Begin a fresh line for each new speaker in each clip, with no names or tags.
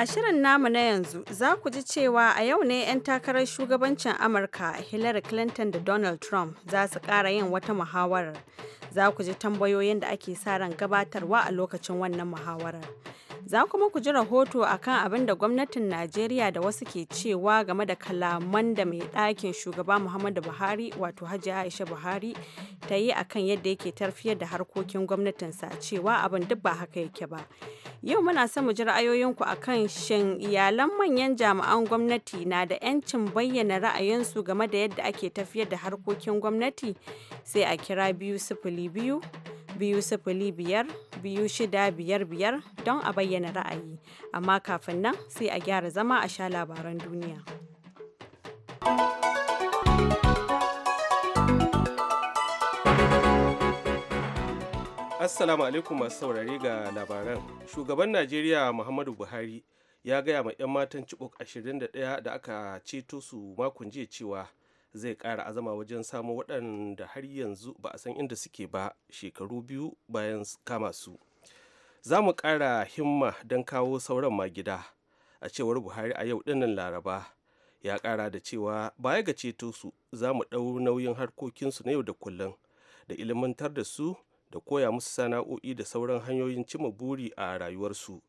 A shirin namu na yanzu za ku ji cewa a yau ne 'yan takarar shugabancin Amurka Hillary Clinton da Donald Trump za su ƙara yin wata muhawarar. Za ku ji tambayoyin da ake sa ran gabatarwa a lokacin wannan muhawarar. Za kuma ku ji rahoto akan abin da gwamnatin Najeriya da wasu ke cewa game da kalaman da mai ɗakin shugaba Muhammadu Buhari wato Hajiya Aisha Buhari ta yi akan yadda yake tarfiyar da harkokin gwamnatinsa cewa abin duk ba haka yake ba. Yau muna son mu ji ra'ayoyinku akan shin iyalan manyan jami'an gwamnati na da 'yancin bayyana ra'ayinsu game da yadda ake tafiyar da harkokin gwamnati sai a kira biyu sifili biyu biyu sifili biyar biyu shida biyar biyar don a bayyana ra'ayi amma kafin nan sai a gyara zama a sha labaran duniya.
Assalamu alaikum masu saurare ga labaran. Shugaban Najeriya Muhammadu Buhari ya gaya ma 'yan matan Cibok 21 da aka ceto su makon jiya cewa zai ƙara azama wajen samun waɗanda har yanzu ba a san inda suke ba shekaru biyu bayan kama su za mu ƙara himma don kawo sauran ma gida a cewar buhari a yau ɗinnan laraba ya ƙara da cewa baya ga ceto su za mu ɗau nauyin harkokinsu na yau da kullum da ilimantar da su da koya musu sana'o'i da sauran hanyoyin cima buri a rayuwarsu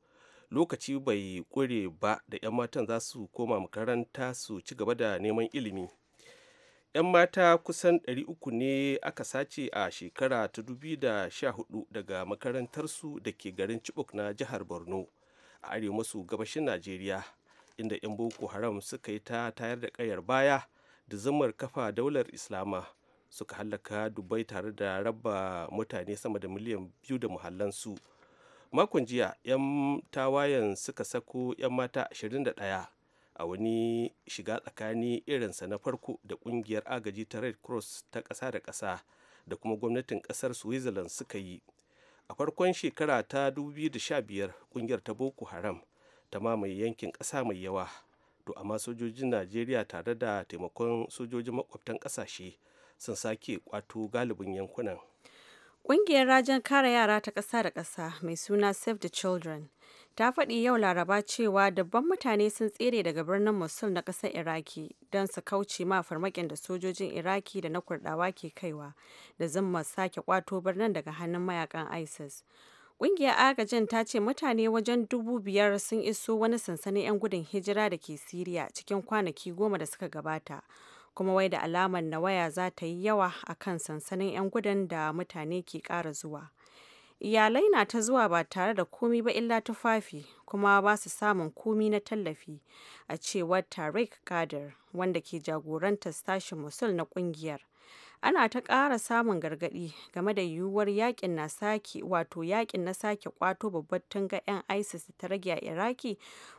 lokaci bai ƙure ba da 'yan matan za su koma makaranta su ci gaba da neman ilimi 'yan mata kusan 300 ne aka sace a shekara ta 2014 daga makarantarsu da ke garin chibok na jihar borno a arewa maso gabashin najeriya inda 'yan boko haram suka yi ta tayar da kayar baya da zamar kafa daular islama suka hallaka dubai tare da raba mutane sama da miliyan biyu da muhallansu makon jiya 'yan tawayen suka sako 'yan mata 21 a wani shiga tsakani irinsa na farko da kungiyar agaji ta red cross ta ƙasa da ƙasa da kuma gwamnatin ƙasar switzerland suka yi a farkon shekara ta 2015 kungiyar ta boko haram ta mamaye yankin ƙasa mai yawa to amma sojojin najeriya tare da taimakon sojojin makwabtan ƙasashe sun sake kwato galibin yankunan
Ƙungiyar Rajin Kare Yara ta ƙasa da ƙasa mai suna Save the Children ta faɗi yau Laraba cewa dabban mutane sun tsere daga birnin Mosul na ƙasar Iraki don su kauce ma farmakin da sojojin Iraki da na Kurdawa ke kaiwa da zumma sake kwato birnin daga hannun mayakan ISIS. Ƙungiyar agajin ta ce mutane wajen dubu biyar sun iso wani sansanin 'yan gudun hijira da ke Siriya cikin kwanaki goma da suka gabata, kuma wai da alamar na waya za ta yi yawa a kan sansanin 'yan gudun da mutane ke ƙara zuwa iyalai na ta zuwa ba tare da komi ba illa tufafi kuma ba su samun komi na tallafi a cewar tariq kadir wanda ke jagorantar sashen musul na kungiyar ana ta ƙara samun gargaɗi game da yiwuwar yakin na sake wato yakin na sake kwato babbar tunga 'yan isis ta rage a iraki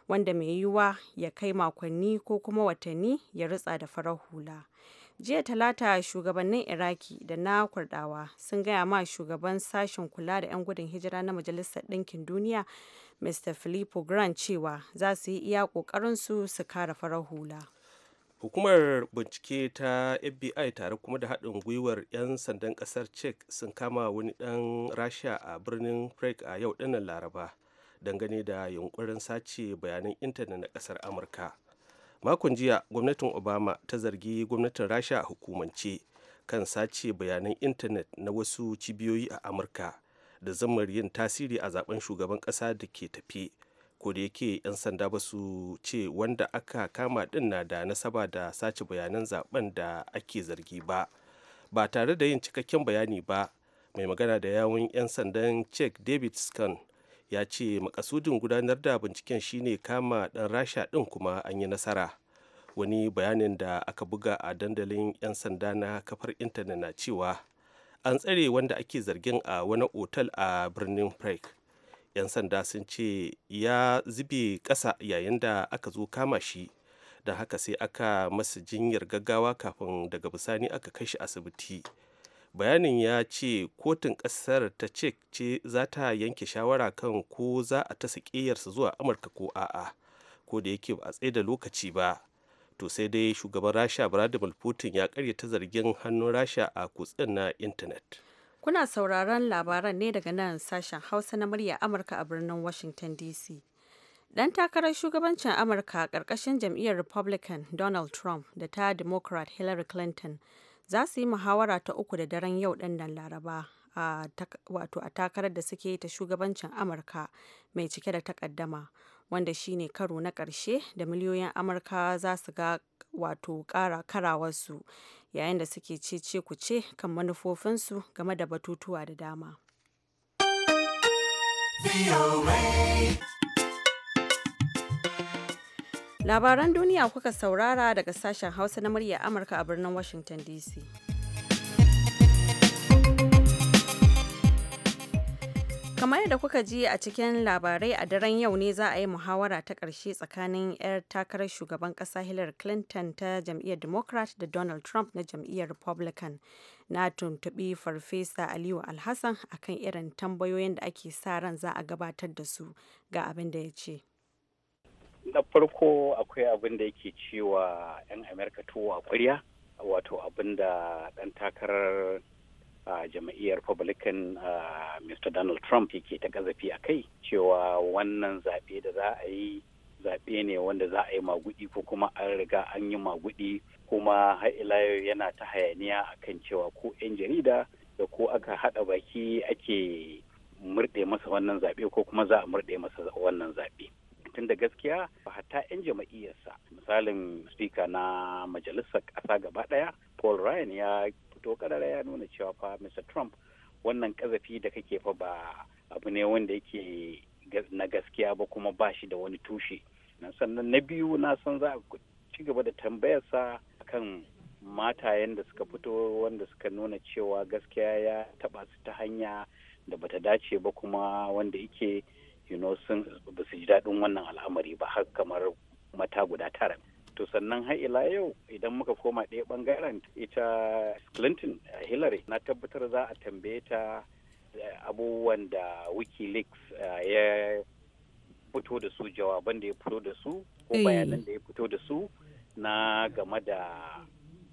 wanda mai yiwuwa ya kai makonni ko kuma watanni ya ritsa da farar hula jiya talata shugabannin iraki da na kurdawa sun gaya ma shugaban sashen kula da 'yan gudun hijira na majalisar ɗinkin duniya mr filippo grant cewa za su yi iya ƙoƙarinsu su kare farar hula
hukumar bincike ta fbi tare kuma da haɗin gwiwar 'yan sandan ƙasar cek sun kama wani ɗan rasha a birnin prague a yau ɗinnan laraba dangane da yunkurin sace bayanan intanet na ƙasar amurka makon jiya gwamnatin obama ta zargi gwamnatin rasha a hukumance kan sace bayanan intanet na wasu cibiyoyi a amurka da zamar yin tasiri a zaben shugaban ƙasa da ke tafi da yake 'yan sanda ba su ce wanda aka kama din na da nasaba da sace bayanan zaben da ake zargi ba ba tare da yin cikakken bayani ba mai magana da yawun 'yan sandan czech david scan ya ce makasudin gudanar da binciken shine kama dan rasha din kuma an yi nasara wani bayanin da aka buga a dandalin 'yan sanda na kafar intanet na cewa an tsare wanda ake zargin a wani otal a birnin prague 'yan sanda sun ce ya zube ƙasa yayin da aka zo kama shi don haka sai aka masa jinyar gaggawa kafin daga bisani aka kai asibiti bayanin ya ce kotun ƙasar ta ce ce za ta yanke shawara kan ko za a ta sakiyarsa zuwa amurka ko a'a ko da yake ba a tsaye da lokaci ba to sai dai shugaban rasha vladimir putin ya karyata zargin hannun rasha a kutsen na intanet
Kuna sauraron labaran ne daga nan sashen Hausa na murya Amurka a birnin Washington DC. ɗan takarar shugabancin Amurka ƙarƙashin jam'iyyar Republican Donald Trump da ta Democrat Hillary Clinton za su yi muhawara ta uku da daren yau nan Laraba wato a takarar da suke yi ta shugabancin Amurka mai cike da takaddama wanda shine karo na ƙarshe da miliyoyin Amurka za su ga wato ƙara karawarsu yayin da suke cece ce kan manufofinsu game da batutuwa da dama. Labaran duniya kuka saurara daga sashen Hausa na murya Amurka a birnin Washington DC. kamar yadda kuka ji a cikin labarai a daren yau ne za a yi muhawara ta ƙarshe tsakanin 'yar takarar shugaban ƙasa hillary clinton ta jam'iyyar democrat da donald trump na jam'iyyar republican na tuntubi farfesa aliyu alhassan akan irin tambayoyin da ake sa ran za a gabatar da su ga abin da ya ce
na farko akwai abin da yake cewa 'yan amerika tuwo a wato abin da ɗan takarar uh, jam'iyyar republican uh, mr donald trump yake ta kazafi a kai cewa wannan zaɓe da za a yi zaɓe ne wanda za a yi magudi ko kuma an riga an yi magudi kuma har ila yana ta hayaniya a kan cewa ko 'yan jarida da ko aka haɗa baki ake murɗe masa wannan zaɓe ko kuma za a murɗe masa wannan zaɓe tun da gaskiya hatta 'yan jama'iyyarsa misalin speaker na majalisar ƙasa gaba ɗaya paul ryan ya fito karara ya nuna cewa fa Mr. Trump wannan kazafi da kake fa ba abu ne wanda yake na gaskiya ba kuma ba shi da wani tushe. Sannan na biyu na san za a ci gaba da tambayarsa akan matayen da suka fito wanda suka nuna cewa gaskiya ya taba su ta hanya da bata dace ba kuma wanda yake you know sun ba su ji daɗin wannan al'amari ba har kamar mata guda tara to sannan har ila yau idan muka koma ɗaya bangaren ita clinton eh, hillary na tabbatar za a tambaye ta eh, abubuwan da wikileaks eh, ya fito da su jawaban da ya fito da su
ko bayanan da
ya fito da su na game da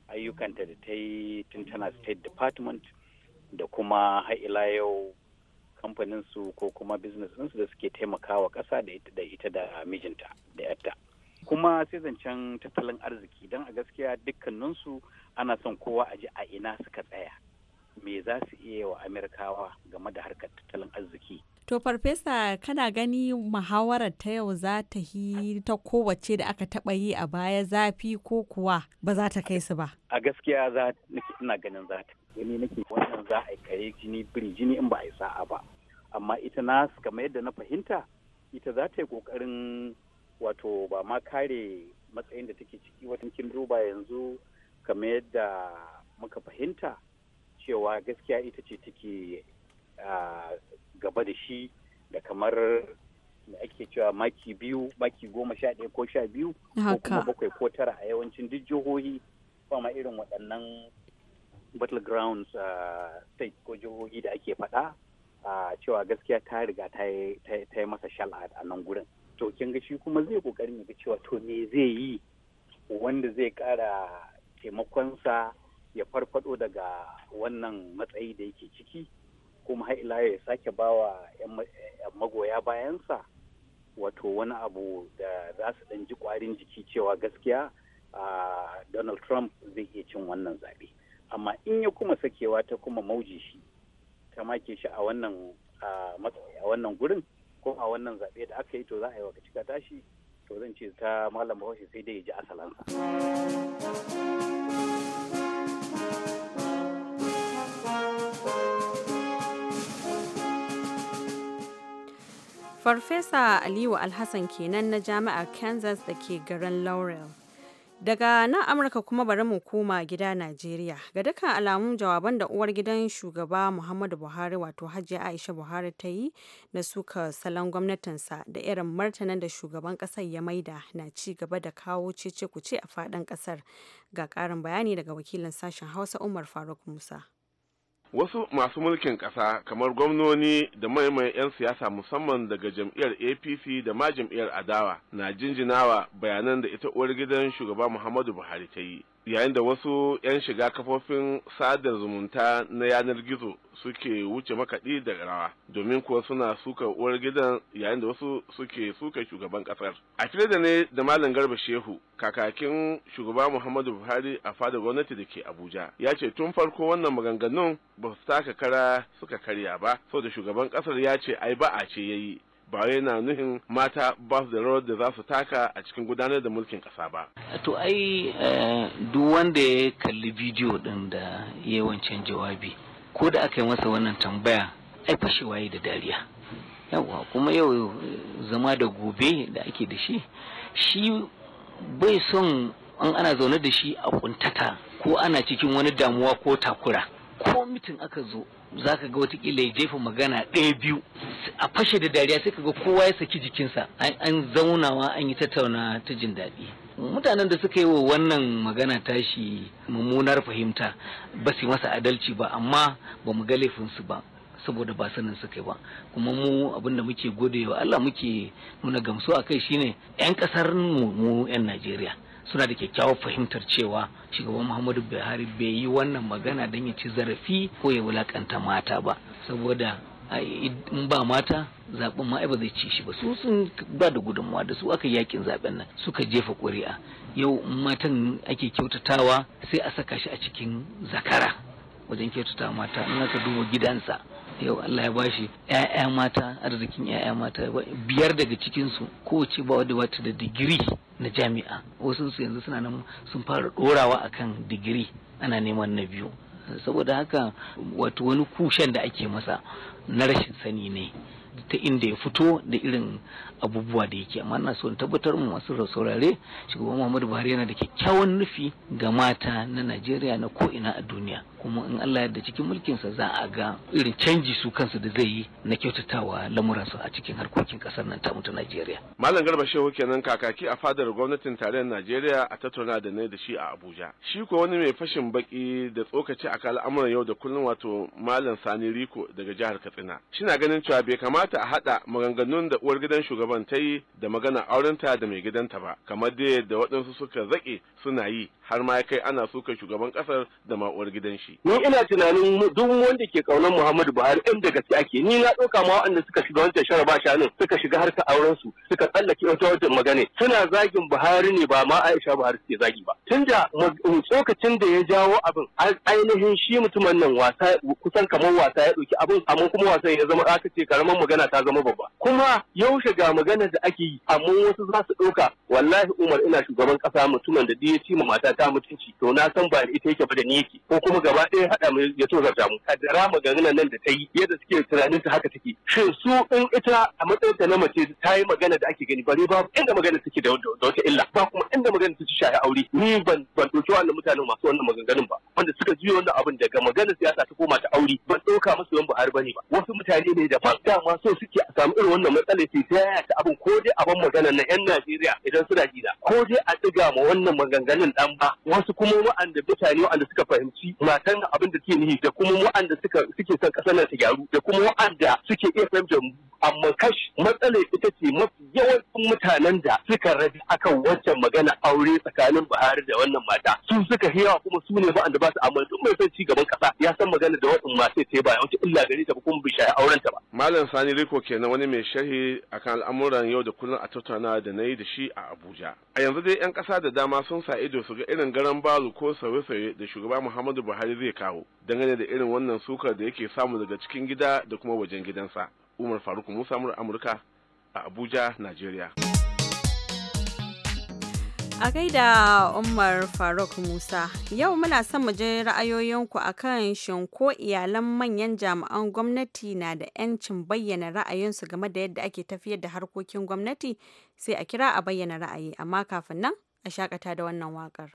ayyukanta da ta yi tun tana state department da kuma ila yau kamfaninsu ko kuma business ɗinsu da suke taimakawa ƙasa da ita da mijinta da yarta. kuma sai zancen tattalin arziki don a gaskiya dukkaninsu ana son kowa a ji a ina suka tsaya me za su iya wa amirkawa game da harkar tattalin arziki
to farfesa kana gani muhawarar ta yau za ta yi ta kowace da aka taba yi a baya zafi ko kuwa ba za ta kai su ba
a gaskiya za ina ganin za ta gani nake wannan za a kare jini biri jini in ba a yi sa'a ba amma ita na kamar yadda na fahimta ita za ta yi kokarin wato ba ma kare matsayin da take ciki wata kin duba yanzu kamar yadda muka fahimta cewa gaskiya ita ce take gaba da shi da kamar da ake cewa maki biyu maki goma sha ɗaya ko sha biyu ko kuma bakwai ko tara a yawancin duk jihohi ba ma irin waɗannan battlegrounds state ko jihohi da ake faɗa cewa gaskiya ta riga ta yi masa shal a nan gurin to kin ga shi kuma zai kokarin ya ga cewa to me zai yi wanda zai kara sa ya farfado daga wannan matsayi da yake ciki kuma har ila ya sake bawa yan magoya bayansa wato wani abu da za su ɗan ji kwarin jiki cewa gaskiya Donald Trump zai iya cin wannan zaɓe. Amma in ya kuma sakewa ta kuma mauji shi, ta make shi a wannan gurin, koma wannan zaɓe da aka yi to za a yi wa cika tashi to zan ce ta malam bahaushe sai dai ya ji asalansa.
Farfesa Aliyu Alhassan kenan na Jami'ar Kansas da ke garin Laurel. Daga nan Amurka kuma bari mu koma gida Najeriya. Ga dukkan alamun jawaban da uwar gidan shugaba Muhammadu Buhari wato Hajiya Aisha Buhari ta yi na suka salon gwamnatinsa da irin martanin da shugaban kasar ya maida na ci gaba da kawo cece kuce a faɗin kasar. Ga ƙarin bayani daga wakilin sashen Hausa Umar Faruk Musa.
wasu masu mulkin ƙasa kamar gwamnoni da maimai 'yan siyasa musamman daga jam'iyyar apc da ma jam'iyyar adawa na jinjinawa bayanan da ita uwar gidan shugaba muhammadu buhari ta yi yayin da wasu 'yan shiga kafofin sadar zumunta na yanar gizo suke wuce makaɗi da rawa domin kuwa suna suka uwar gidan yayin da wasu suke suka shugaban ƙasar a fili da ne da malam garba shehu kakakin shugaba muhammadu buhari a fadar gwamnati da ke abuja ya ce tun farko wannan maganganun ba su taka kara suka karya ba sau da shugaban ƙasar ya ce ai ba a ce yi. ba wai na nuhin mata ba su da rawar da za su taka a cikin gudanar da mulkin ƙasa ba.
To ai eh, duk wanda ya kalli bidiyo ɗin da yawancin jawabi ko da aka yi masa wannan tambaya ai fashewa da dariya. Yawwa kuma yau eh, zama da gobe da ake da shi shi bai son an ana zaune da shi a kuntata ko ana cikin wani damuwa ko takura. ko mitin aka zo za ka ga watakila ya jefa magana ɗaya biyu a fashe da dariya sai ka ga kowa ya saki jikinsa an zaunawa an yi tattauna ta jin daɗi mutanen da suka yi wa wannan magana tashi mummunar fahimta ba su masa adalci ba amma ba mu ga laifinsu ba saboda ba sanin suka yi ba kuma mu abinda muke gode wa Allah muke nuna gamsu a kai shine 'yan ƙasar mu 'yan Najeriya suna da kyakkyawar fahimtar cewa shugaban muhammadu buhari bai yi wannan magana don ya ci zarafi ko ya wulakanta mata ba saboda in ba mata zaɓen ma ba zai ci shi ba su sun ba da gudunmawa da su aka yakin zaɓen nan suka jefa ƙuri'a yau matan ake kyautatawa sai a saka shi a cikin zakara wajen kyautata mata in aka duba gidansa yau Allah ya bashi ƴaƴa mata arzikin ƴaƴa mata biyar daga cikin su kowace ba wadda wata da digiri na jami'a wasu su yanzu suna nan sun fara dorawa akan digiri ana neman na biyu saboda haka wato wani kushen da ake masa na rashin sani ne ta inda ya fito da irin abubuwa da yake amma na so tabbatar mu masu saurare shugaban Muhammadu Buhari yana da kyakkyawan nufi ga mata na Najeriya na ko ina a duniya kuma in Allah yadda cikin mulkin sa za a ga irin canji su kansu da zai yi na kyautatawa su a cikin harkokin kasar nan ta mutu Najeriya.
Malam Garba Shehu kenan kakaki a fadar gwamnatin tarayyar Najeriya a tattauna da ne da shi a Abuja. Shi ko wani mai fashin baki da tsokaci a al'amuran yau da kullum wato Malam Sani Riko daga jihar Katsina. Shina ganin cewa bai kamata a haɗa maganganun da uwar gidan shugaban ta yi da magana aurenta da mai gidanta ba kamar dai da waɗansu suka zaƙe suna yi har ma ya kai ana suka shugaban kasar da ma'uwar gidan shi.
Ni ina tunanin duk wanda ke kaunar Muhammadu Buhari in da gaske ake ni na ɗauka ma waɗanda suka shiga wancan shara ba shanin suka shiga harka auren su suka tsallake wata wajen magana suna zagin Buhari ne ba ma Aisha Buhari suke zagi ba. Tun da tsokacin da ya jawo abin ainihin shi mutumin nan wasa kusan kamar wasa ya ɗauki abin amma kuma wasan ya zama aka ce karamar magana ta zama babba. Kuma yaushe ga magana da ake yi amma wasu za su ɗauka wallahi Umar ina shugaban ƙasa mutumin da ya ci ma mata ta mutunci to na san ba ita yake ba da ni yake ko kuma gaba ɗaya haɗa mu ya to zarta mu dara maganganar nan da ta yi yadda suke tunanin ta haka take shin su in ita a matsayin ta na mace ta yi magana da ake gani bare ba inda magana take da wata illa ba kuma inda magana take shaye aure ni ban ban wannan mutanen masu wannan maganganun ba wanda suka ji wannan abin daga maganar siyasa ta koma ta aure ban ɗauka musu yan Buhari bane ba wasu mutane ne da dama so suke a samu irin wannan matsala sai ta yaya ta abin ko dai ban maganar na yan Najeriya idan suna gida ko dai a tsiga ma wannan maganganun dan ba wasu kuma wa'anda mutane wa'anda suka fahimci matan abin da ke nihi da kuma wa'anda suke son ƙasar nan ta gyaru da kuma wa'anda suke iya fahimtar amma kash matsalar ita ce mafi yawancin mutanen da suka rabi akan wancan magana aure tsakanin Buhari da wannan mata su suka fi kuma su ne ba'anda da ba su amma duk mai son ci gaban kasa ya san magana da wannan masu ce ba yawanci illa gare ta kuma bi shaye auren ta ba
Malam Sani Riko kenan wani mai sharhi akan al'amuran yau da kullum a tattauna da nayi da shi a Abuja a yanzu dai yan kasa da dama sun sa ido su ga irin garan balu ko sauye-sauye da shugaba Muhammadu Buhari zai kawo dangane da irin wannan sukar da yake samu daga cikin gida da kuma wajen gidansa umar faruk musa mura amurka a abuja nigeria
a gaida umar faruk musa yau muna son mu je ra'ayoyinku akan shin ko iyalan manyan jami'an gwamnati na da 'yancin bayyana ra'ayinsu game da yadda ake tafiyar da harkokin gwamnati sai a kira a bayyana ra'ayi amma kafin nan a shakata da wannan wakar.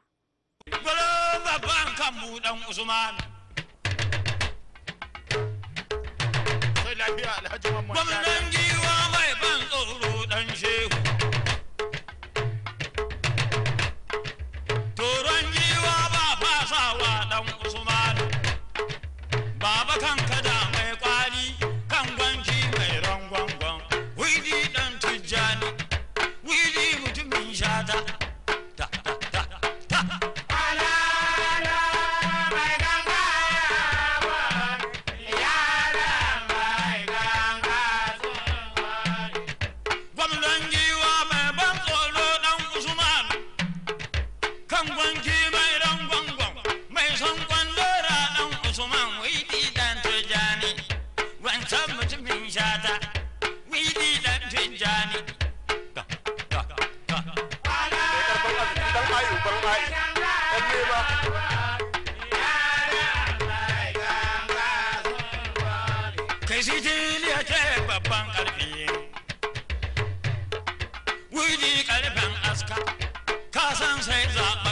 babban Gwamnan giwa mai ban tsoro dan shehu. Toron giwa ba fasawa dan Usman. Baba kan dan ayu ban ayu dan kai babban karfi wuri karfin aska kasan sai zaba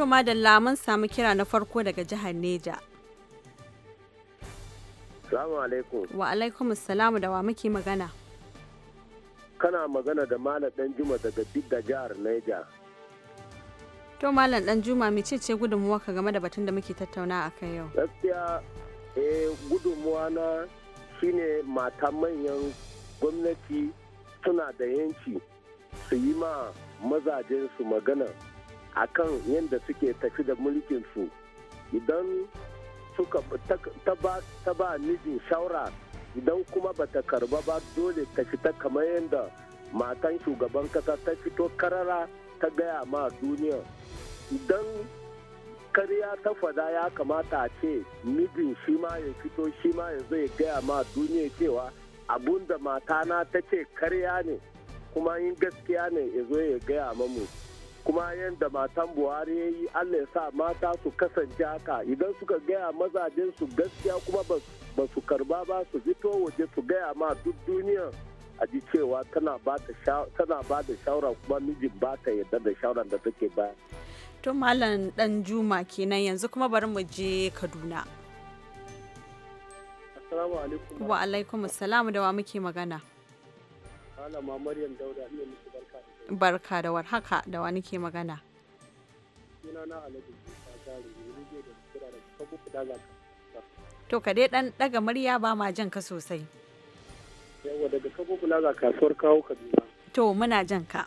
To madalla mun samu kira na farko daga jihar Neja.
Salamu alaikum.
Wa alaikum salamu da wa muke magana.
Kana magana da Malam juma daga Bidda jihar Neja.
To Malam juma me ce gudunmuwa ka game da batun da muke tattauna a kai yau?
Gaskiya eh gudunmuwa na shine mata manyan gwamnati suna da yanci su yi ma mazajen su magana. a kan yadda suke tafi da mulkin su idan suka ta ba mijin shawara idan kuma bata karba ba dole ta fita kamar yadda matan shugaban kasa ta fito karara ta gaya ma duniya idan karya ta fada ya kamata a ce mijin shi ma ya fito shi ma ya zai gaya ma duniya cewa abun da matana ta ce karya ne kuma in gaskiya ne ya zo ya gaya mamu kuma yadda matan buhari ya yi allah sa mata su kasance haka idan suka gaya mazajen su gaskiya kuma ba su karba ba su fito waje su gaya ma duk duniya a ji cewa tana ba da shawara kuma mijin ba ta yadda da shawara da take ba
to malam dan juma kenan yanzu kuma bari mu je kaduna wa alaikum salam da wa muke magana Barka da warhaka da wani ke magana. To ka dai dan daga murya ba ma jan ka sosai.
Yawwa daga kafo Kabo Plaza kasuwar kawo Kaduna.
To muna jan ka.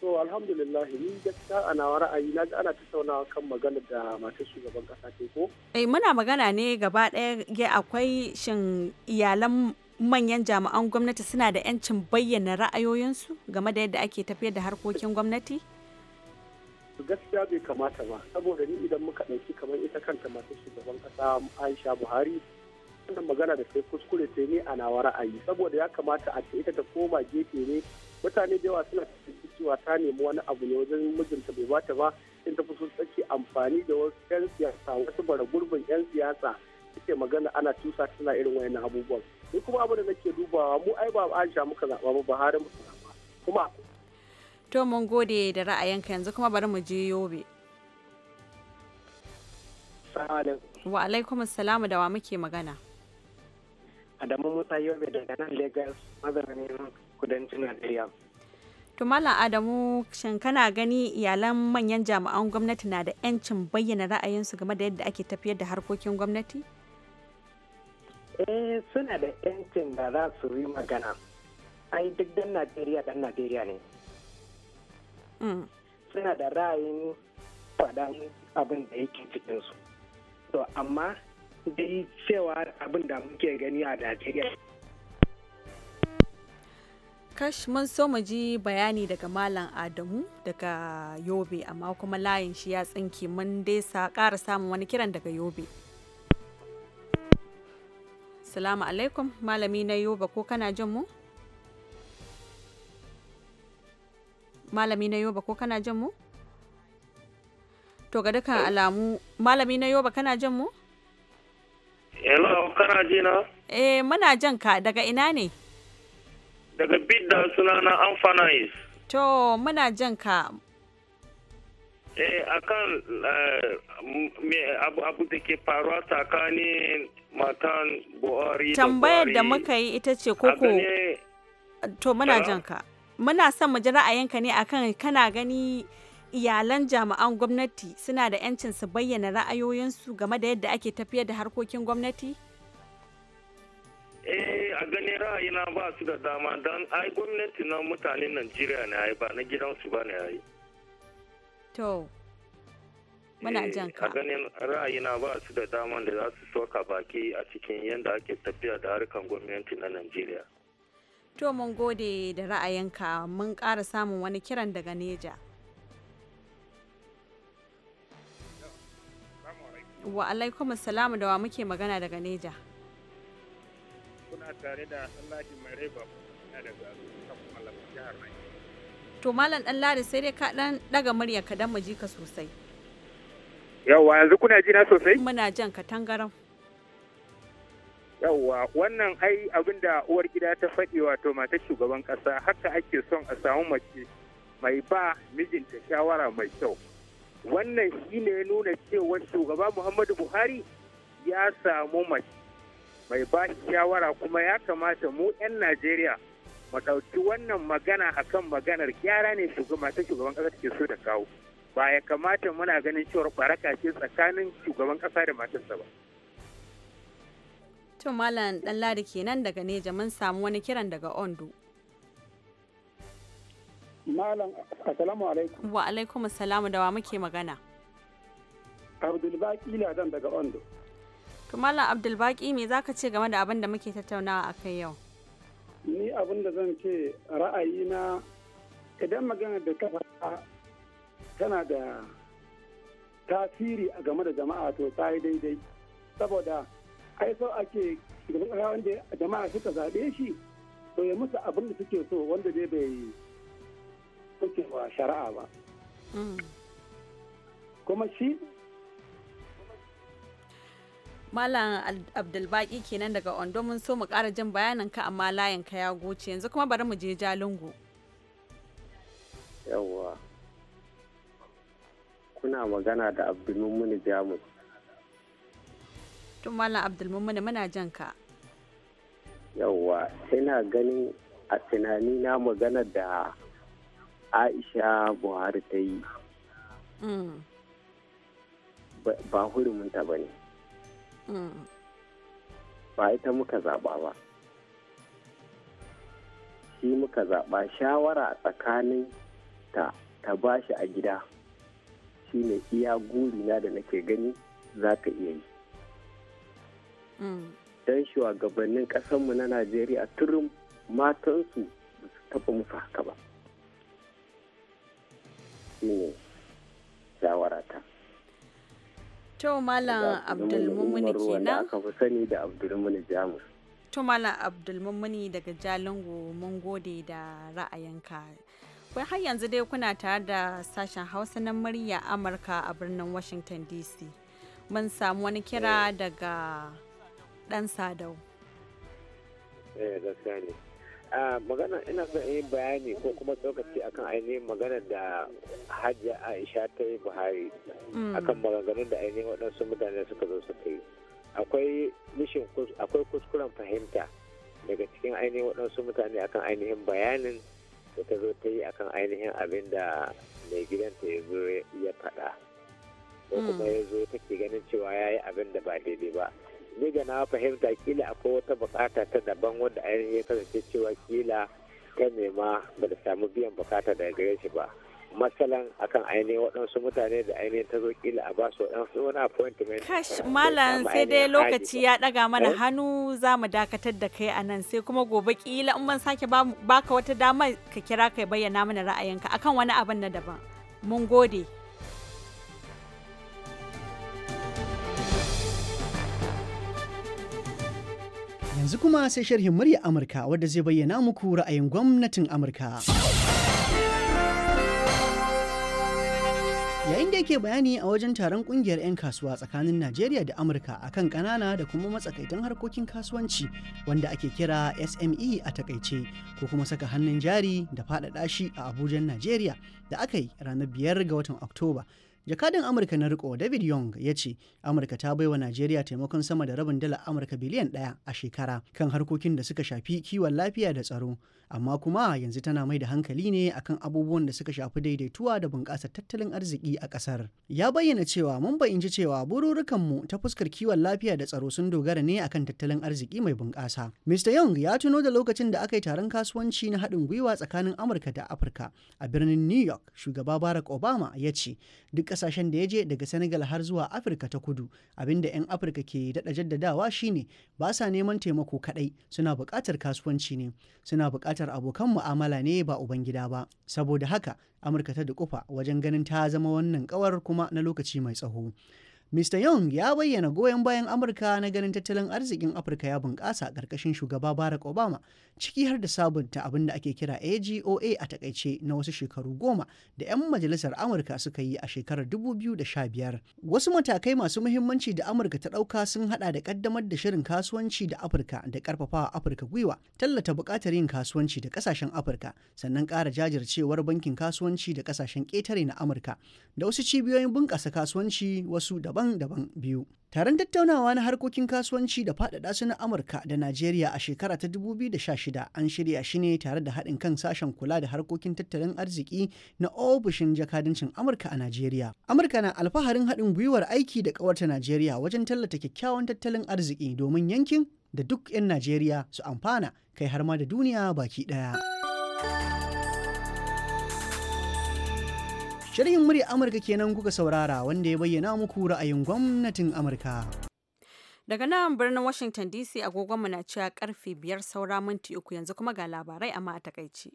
To alhamdulillah ni gaskiya ana ra'ayi na ga ana tattaunawa kan magana da matar shugaban kasa ko?
Eh muna magana ne gaba ɗaya akwai shin iyalan manyan jami'an gwamnati suna da 'yancin bayyana ra'ayoyinsu game da yadda ake tafiyar da harkokin gwamnati?
gaskiya bai kamata ba saboda ni idan muka ɗauki kamar ita kanta masu shugaban ƙasa aisha buhari wannan magana da sai kuskure sai ne a nawa ra'ayi saboda ya kamata a ce ita ta koma gefe ne mutane da yawa suna cewa ta nemi wani abu ne wajen mijinta bai bata ba in ta fuso tsaki amfani da wasu 'yan siyasa wasu bara gurbin 'yan siyasa suke magana ana tusa tana irin wayannan abubuwan ni kuma abu da nake dubawa mu ai ba Aisha muka zaɓa ba Buhari muka zaɓa kuma
to mun gode da ra'ayinka yanzu kuma bari mu je Yobe wa alaikum assalam da wa muke magana
Adamu Musa Yobe daga nan Lagos mazanin kudancin Najeriya
Tumala Adamu shin kana gani iyalan manyan jami'an gwamnati na da 'yancin bayyana ra'ayinsu game da yadda ake tafiyar da harkokin gwamnati?
eh suna da yancin da za su yi magana ai duk dan najeriya dan najeriya ne mm. suna da ra'ayin faɗan abin da yake cikinsu to amma dai cewa abin da muke gani a najeriya
kash mun so mu ji bayani daga malam adamu daga yobe amma kuma layin shi ya tsinke mun dai sa ƙara samun wani kiran daga yobe Assalamu alaikum malami na Yoba ko kana jin mu? Malami na Yoba ko kana jin mu? To ga dukkan alamu malami na Yoba kana jin mu?
Hello, kana jina.
Eh, muna jan ka daga ina ne?
Daga Bidda sunana Amfanais.
To, muna jan ka
Eh, akan eh, abu da ke faruwa tsakanin matan buhari tambayar da muka yi ita ce koko
to muna ka muna son mu ji ra'ayinka ne akan kana gani iyalan jami'an gwamnati suna da 'yancin su bayyana ra'ayoyinsu game da yadda ake tafiyar da harkokin gwamnati? Eh,
a gani ra'ayina ba su da dama don ai gwamnati na mutanen Najeriya ne ai ba na gidansu ba ne ai.
To, muna eh, jan ka. A ganin
ra'ayina ba su da daman da za su soka baki a cikin yadda ake tafiya da harkar gwamnati
na Najeriya.
To, mun gode da ra'ayinka mun ƙara samun wani kiran daga Neja. Wa alaikum assalamu da wa muke magana daga Neja.
Kuna tare da da Allahi Mareba daga
jihar Najeriya. to malam dan lari sai dai ka dan daga murya ka dan ji ka sosai yawwa yanzu kuna ji na sosai muna jan ka tangaram
yawwa wannan ai abinda uwar gida ta faɗi wato mata shugaban ƙasa haka ake son a samu mace mai ba mijinta shawara mai kyau wannan shine ya nuna cewa shugaba muhammadu buhari ya samu mace mai ba shawara kuma ya kamata mu 'yan najeriya mu ɗauki wannan magana akan maganar gyara ne shugaba ta shugaban ƙasa take so da kawo ba ya kamata muna ganin cewar ɓaraka ce tsakanin shugaban ƙasa da matarsa ba.
To Malam Lari kenan daga Neja mun samu wani kiran daga Ondo. Malam, Assalamu alaikum. Wa alaikum assalamu da wa muke magana.
Abdulbaki
Ladan daga Ondo. To Malam Abdulbaki me zaka ce game da abin da muke tattaunawa a kai yau?
ni abin da zan ce ra'ayina idan magana da kafa tana da tasiri a game da jama'a to ta yi daidai saboda ai so ake shugaban wanda jama'a suka zaɓe shi to ya musu abin da suke so wanda dai bai suke
wa shari'a ba
mm. kuma shi Malam Abdulbaki kenan daga Ondo mun so mu kara jin bayanin ka amma layin ka ya goce yanzu kuma bari mu je Jalingo.
Yawwa. Kuna magana da Abdulmumuni Jamus.
Tun Malam Abdulmumuni muna jan ka.
Yawwa, ina ganin a tunani na magana da Aisha Buhari ta yi. Mm. Ba hurumunta ba ne. ba ita muka zaɓa ba shi muka zaɓa shawara tsakanin ta ta bashi a gida shi ne iya gurina da nake gani za ka iya yi don shugabannin ƙasanmu na najeriya turin matansu ba su taɓa musu haka ba shine
To Malam Abdulmumuni kenan.
aka fi sani da Abdulmumuni Jamus.
To Malam Abdulmumuni daga Jalingo mun gode da ra'ayinka. Wai har yanzu dai kuna tare da sashen Hausa na murya Amurka a birnin Washington DC. Mun samu wani kira eh. daga ɗan Sadau.
Eh, gaskiya ne. magana ina zan yi bayani ko kuma tsokaci akan ainihin magana da hajiya aisha ta yi buhari mm. akan maganganun da ainihin waɗansu mutane suka zo su yi akwai kuskuren fahimta daga cikin ainihin waɗansu mutane akan ainihin bayanin da ta zo ta yi akan ainihin abin da mai gidanta ya zo ya faɗa ko kuma mm. ya zo take ganin cewa ya yi abin da ba daidai ba ni ga na fahimta kila akwai wata bukata ta daban wadda ainihin ya kasance cewa kila ta nema ba da samu biyan bukata daga gare shi ba matsalan akan ainihin waɗansu mutane da ainihin ta zo kila a basu waɗansu wani appointment.
Kash malam sai dai lokaci ya ɗaga mana eh? hannu za mu dakatar da kai a nan sai kuma gobe kila in ban sake baka wata dama ka kira ka bayyana mana ra'ayinka akan wani abin na daban. Mun gode.
Yanzu kuma sai sharhin murya Amurka wadda zai bayyana muku ra'ayin gwamnatin Amurka. Yayin da yake bayani a wajen taron kungiyar 'yan kasuwa tsakanin Najeriya da Amurka akan kanana da kuma matsakaitan harkokin kasuwanci wanda ake kira SME a takaice ko kuma saka hannun jari da faɗaɗa shi a abujan Najeriya da aka yi ranar 5 ga watan Oktoba. jakadan amurka na riko david young ya ce amurka ta baiwa najeriya taimakon sama da rabin dala amurka biliyan daya a shekara kan harkokin da suka shafi kiwon lafiya da tsaro amma kuma yanzu tana mai da hankali ne akan abubuwan da suka shafi daidaituwa da bunƙasa tattalin arziki a ƙasar ya bayyana cewa mun bayyana cewa bururukanmu ta fuskar kiwon lafiya da tsaro sun dogara ne akan tattalin arziki mai bunƙasa mr young ya tuno da lokacin da aka yi taron kasuwanci na haɗin gwiwa tsakanin amurka da afirka a birnin new york shugaba barack obama ya ce duk ƙasashen da ya je daga senegal har zuwa afirka ta kudu abinda 'yan afirka ke daɗa jaddadawa shine ba sa neman taimako kaɗai suna buƙatar kasuwanci ne suna buƙatar buƙatar abokan mu'amala ne ba ubangida ba saboda haka amurka ta dukufa wajen ganin ta zama wannan kawar kuma na lokaci mai tsaho Mr. Young ya bayyana goyon bayan Amurka na ganin tattalin arzikin Afirka ya bunƙasa ƙarƙashin shugaba Barack Obama, ciki har da sabunta abin da ake kira AGOA a takaice na wasu shekaru goma da 'yan majalisar Amurka suka yi a shekarar 2015. Wasu matakai masu muhimmanci da Amurka ta ɗauka sun haɗa da ƙaddamar da shirin kasuwanci da Afirka da ƙarfafawa Afirka gwiwa, tallata buƙatar yin kasuwanci da ƙasashen Afirka, sannan ƙara jajircewar bankin kasuwanci da ƙasashen ƙetare na Amurka, da wasu cibiyoyin bunƙasa kasuwanci wasu da daban-daban biyu. Taron tattaunawa na harkokin kasuwanci da faɗaɗa su na Amurka da Najeriya a shekara ta 2016 an shirya shi ne tare da haɗin kan sashen kula da harkokin tattalin arziki na ofishin jakadancin Amurka a Najeriya. Amurka na alfaharin haɗin gwiwar aiki da ƙawarta Najeriya wajen tallata kyakkyawan tattalin arziki domin yankin da duk 'yan Najeriya su amfana kai har ma da duniya baki ɗaya. Shirin murya Amurka kenan kuka saurara wanda ya bayyana muku ra'ayin gwamnatin Amurka.
Daga nan birnin Washington DC agogonmu na cewa karfe biyar saura minti uku yanzu kuma ga labarai amma a takaice.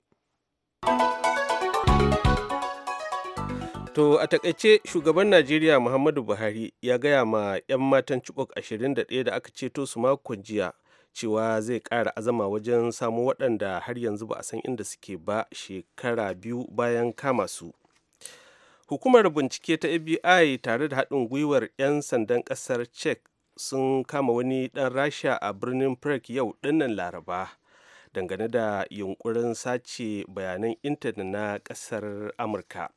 To a takaice shugaban Najeriya Muhammadu Buhari ya gaya ma 'yan matan cibok 21 da da aka ceto su makon jiya cewa zai kara azama wajen samo waɗanda har yanzu ba a san inda suke ba shekara biyu bayan kama su. hukumar bincike ta fbi tare da haɗin gwiwar 'yan sandan ƙasar czech sun kama wani ɗan rasha a birnin prague yau ɗinnan laraba dangane da yunkurin sace bayanan intanet na ƙasar amurka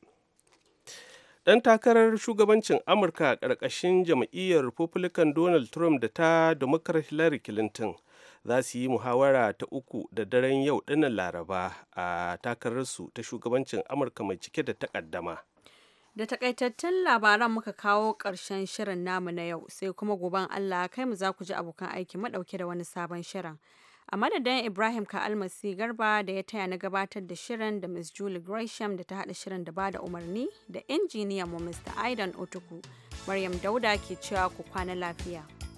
ɗan takarar shugabancin amurka ƙarƙashin jam'iyyar republican donald trump da ta Damokar hillary clinton za su yi muhawara ta uku da daren yau ɗinnan laraba a takararsu ta shugabancin amurka mai cike da takaddama
Da takaitattun labaran muka kawo ƙarshen shirin namu na yau sai kuma goben Allah kai mu za ku ji abokan aiki madauke da wani sabon shirin. A madadin Ibrahim ka'almasi garba da ya taya na gabatar da shirin da Miss Julie Gresham da ta haɗa shirin da ba da umarni da injiniyan mu Mr. Aidan Otuku. Maryam Dauda ke cewa ku kwana lafiya.